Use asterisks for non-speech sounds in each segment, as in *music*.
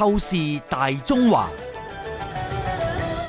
透視大中華。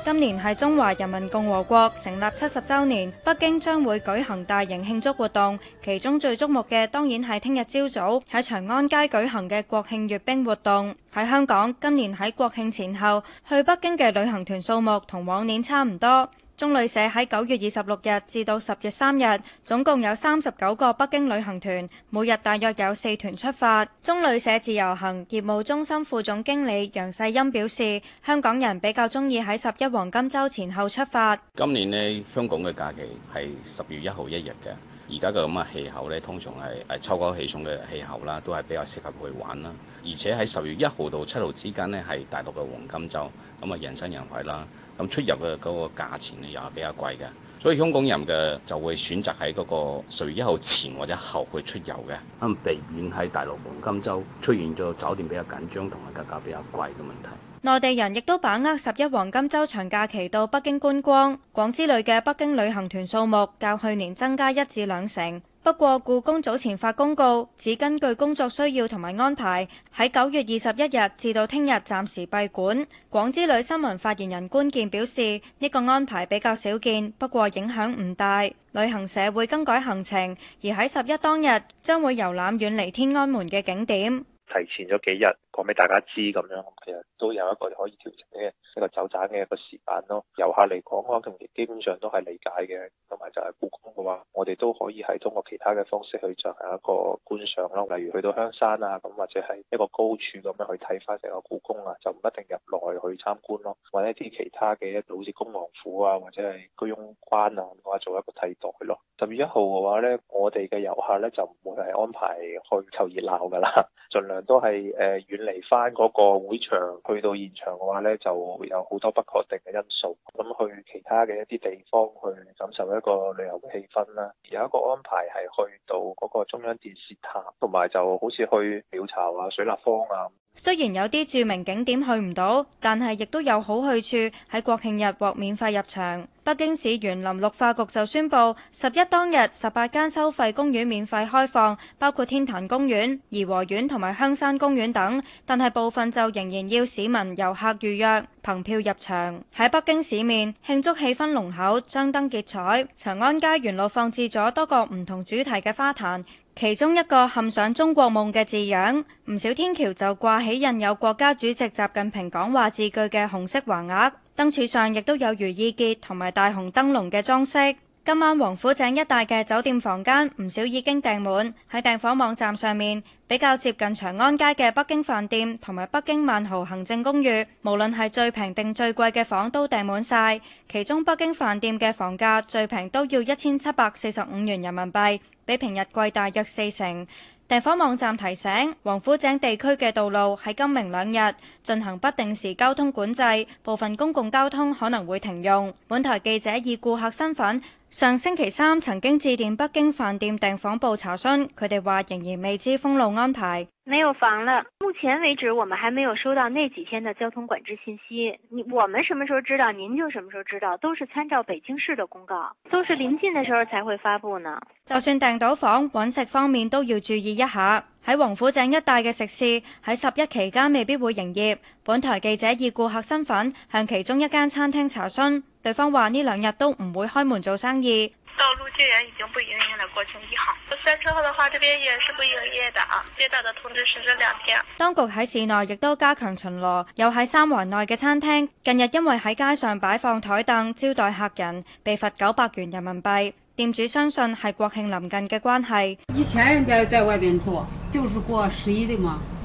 今年係中華人民共和國成立七十周年，北京將會舉行大型慶祝活動，其中最矚目嘅當然係聽日朝早喺長安街舉行嘅國慶閱兵活動。喺香港，今年喺國慶前後去北京嘅旅行團數目同往年差唔多。中旅社喺九月二十六日至到十月三日，總共有三十九個北京旅行團，每日大約有四團出發。中旅社自由行業務中心副總經理楊世欽表示，香港人比較中意喺十一黃金週前後出發。今年咧，香港嘅假期係十月一號一日嘅，而家嘅咁嘅氣候呢，通常係誒秋高氣爽嘅氣候啦，都係比較適合去玩啦。而且喺十月一號到七號之間呢，係大陸嘅黃金週，咁啊人山人海啦。咁出入嘅嗰個價錢又係比較貴嘅，所以香港人嘅就會選擇喺嗰個十月一號前或者後去出遊嘅。咁，避免喺大陸黃金週出現咗酒店比較緊張同埋價格比較貴嘅問題，內地人亦都把握十一黃金週長假期到北京觀光，廣之旅嘅北京旅行團數目較去年增加一至兩成。不過故宮早前發公告，只根據工作需要同埋安排，喺九月二十一日至到聽日暫時閉館。廣之旅新聞發言人官健表示，呢個安排比較少見，不過影響唔大，旅行社會更改行程，而喺十一當日將會遊覽遠離天安門嘅景點，提前咗幾日。講俾大家知咁樣，其實都有一個可以調整嘅一個走盞嘅一個時間咯。遊客嚟講嘅話，近期基本上都係理解嘅。同埋就係故宮嘅話，我哋都可以係通過其他嘅方式去進行一個觀賞咯，例如去到香山啊，咁或者係一個高處咁樣去睇翻成個故宮啊，就唔一定入內去參觀咯。或者一啲其他嘅，好似恭王府啊，或者係居庸關啊咁嘅話，做一個替代咯。十月一號嘅話咧，我哋嘅遊客咧就唔會係安排去湊熱鬧噶啦，盡 *laughs* 量都係誒遠離。嚟翻嗰個會場，去到現場嘅話呢，就會有好多不確定嘅因素。咁去其他嘅一啲地方去感受一個旅遊嘅氣氛啦。而有一個安排係去到嗰個中央電視塔，同埋就好似去鳥巢啊、水立方啊。雖然有啲著名景點去唔到，但係亦都有好去處喺國慶日獲免費入場。北京市園林綠化局就宣佈，十一當日十八間收費公園免費開放，包括天壇公園、頤和園同埋香山公園等，但係部分就仍然要市民遊客預約，憑票入場，喺北京市面慶祝氣氛濃厚，張燈結彩。長安街沿路放置咗多個唔同主題嘅花壇，其中一個嵌上中國夢嘅字樣。唔少天橋就掛起印有國家主席習近平講話字句嘅紅色橫額，燈柱上亦都有如意結同埋大紅燈籠嘅裝飾。今晚王府井一帶嘅酒店房間唔少已經訂滿，喺訂房網站上面，比較接近長安街嘅北京飯店同埋北京萬豪行政公寓，無論係最平定最貴嘅房都訂滿晒。其中北京飯店嘅房價最平都要一千七百四十五元人民幣，比平日貴大約四成。訂房網站提醒，王府井地區嘅道路喺今明兩日進行不定時交通管制，部分公共交通可能會停用。本台記者以顧客身份。上星期三曾經致電北京飯店訂房部查詢，佢哋話仍然未知封路安排。沒有房了。目前為止，我們還沒有收到那幾天的交通管制信息。你我們什麼時候知道，您就什麼時候知道，都是參照北京市的公告，都是臨近的時候才會發布呢。就算訂到房，搵食方面都要注意一下。喺王府井一帶嘅食肆喺十一期間未必會營業。本台記者以顧客身份向其中一間餐廳查詢，對方話呢兩日都唔會開門做生意。道路竟然已經不營業了。國慶一號、三十號的話，這邊也是不營業的啊。接到的通知是這兩天，啊。當局喺市內亦都加強巡邏，又喺三環內嘅餐廳，近日因為喺街上擺放台凳招待客人，被罰九百元人民幣。店主相信係國慶臨近嘅關係。以前應該在外邊做，就是過十一的嘛。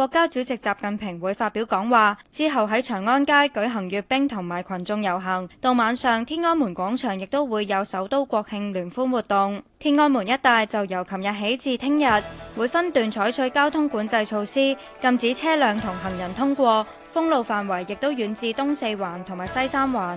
國家主席習近平會發表講話之後，喺長安街舉行閲兵同埋群眾遊行，到晚上天安門廣場亦都會有首都國慶聯歡活動。天安門一帶就由琴日起至聽日，會分段採取交通管制措施，禁止車輛同行人通過，封路範圍亦都遠至東四環同埋西三環。